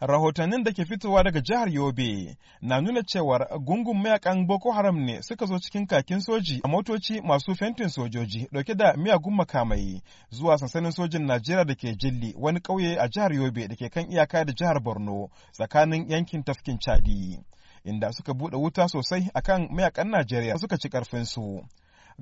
rahotannin da ke fitowa daga jihar Yobe na nuna cewar gungun mayakan Boko Haram ne suka zo cikin kakin soji a motoci masu fentin sojoji dauke da miyagun makamai zuwa sansanin sojin Najeriya da ke Jilli wani ƙauye a jihar Yobe da ke kan iyaka da jihar Borno tsakanin yankin tafkin Chadi. Inda suka buɗe wuta sosai akan mayakan Najeriya suka ci ƙarfinsu.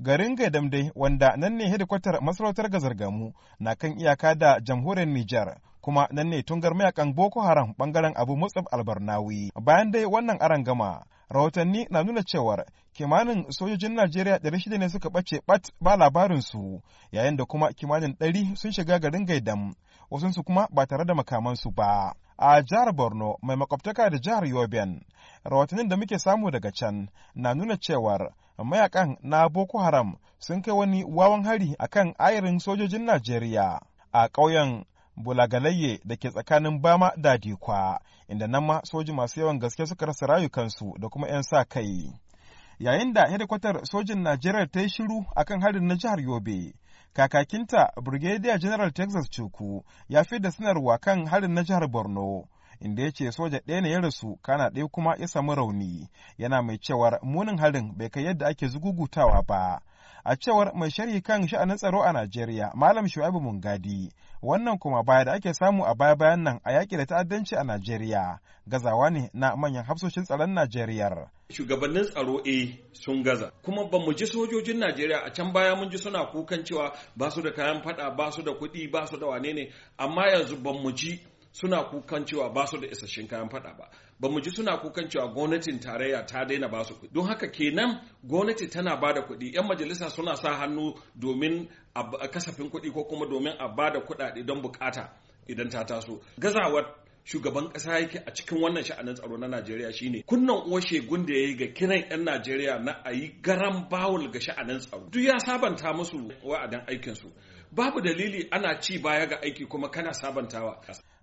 garin gaidam dai wanda nan ne hedikwatar masarautar gazargamu na kan iyaka da jamhuriyar Nijar kuma nan ne tungar mayakan Boko Haram bangaren Abu Musab Albarnawi. Bayan dai wannan gama, rahotanni na nuna cewar kimanin sojojin Najeriya 600 ne suka bace bat ba labarinsu, yayin da kuma kimanin 100 sun shiga garin Gaidam, wasunsu kuma ba tare da makamansu ba. a jihar borno mai makwabtaka da jihar yoben rahotannin da muke samu daga can na nuna cewar mayakan na boko haram sun kai wani wawan hari akan ayarin sojojin najeriya a ƙauyen bulagalayye da ke tsakanin bama da dikwa inda nan ma soji masu yawan gaske suka rasa rayukansu da kuma 'yan sa kai yayin da hedikwatar sojin najeriya ta yi shiru a kan harin na jihar yobe kakakinta brigadier general texas cuku ya fi da sanarwa kan harin na jihar borno inda ya ce soja ɗaya na ya rasu kana ɗaya kuma ya samu rauni yana mai cewar munin harin bai kai yadda ake zugugutawa ba a cewar mai sharhi kan sha'anin tsaro a Najeriya, Malam Shu'aibu Mungadi. Wannan kuma baya da ake samu a baya-bayan nan a yaƙi da ta'addanci a Najeriya, gazawa ne na manyan hafsoshin tsaron Najeriya. Shugabannin tsaro eh sun gaza, kuma ba mu ji sojojin Najeriya a can baya mun ji suna kukan cewa ba su da kayan fada, ba su da kuɗi, ba su da wane ne, amma yanzu ba mu ji suna kukan cewa ba su da isasshen kayan fada ba ba mu ji suna kukan cewa gwamnatin tarayya ta daina ba su kuɗi don haka kenan gwamnati tana ba da kuɗi 'yan majalisa suna sa hannu domin a kasafin kuɗi ko kuma domin a ba da kuɗaɗe don bukata idan ta taso gazawar shugaban kasa yake a cikin wannan sha'anin tsaro na Najeriya shine kunnan uwar shegun da yi ga kiran 'yan Najeriya na a yi garan bawul ga sha'anin tsaro duk ya sabanta musu wa'adan aikinsu babu dalili ana ci baya ga aiki kuma kana sabantawa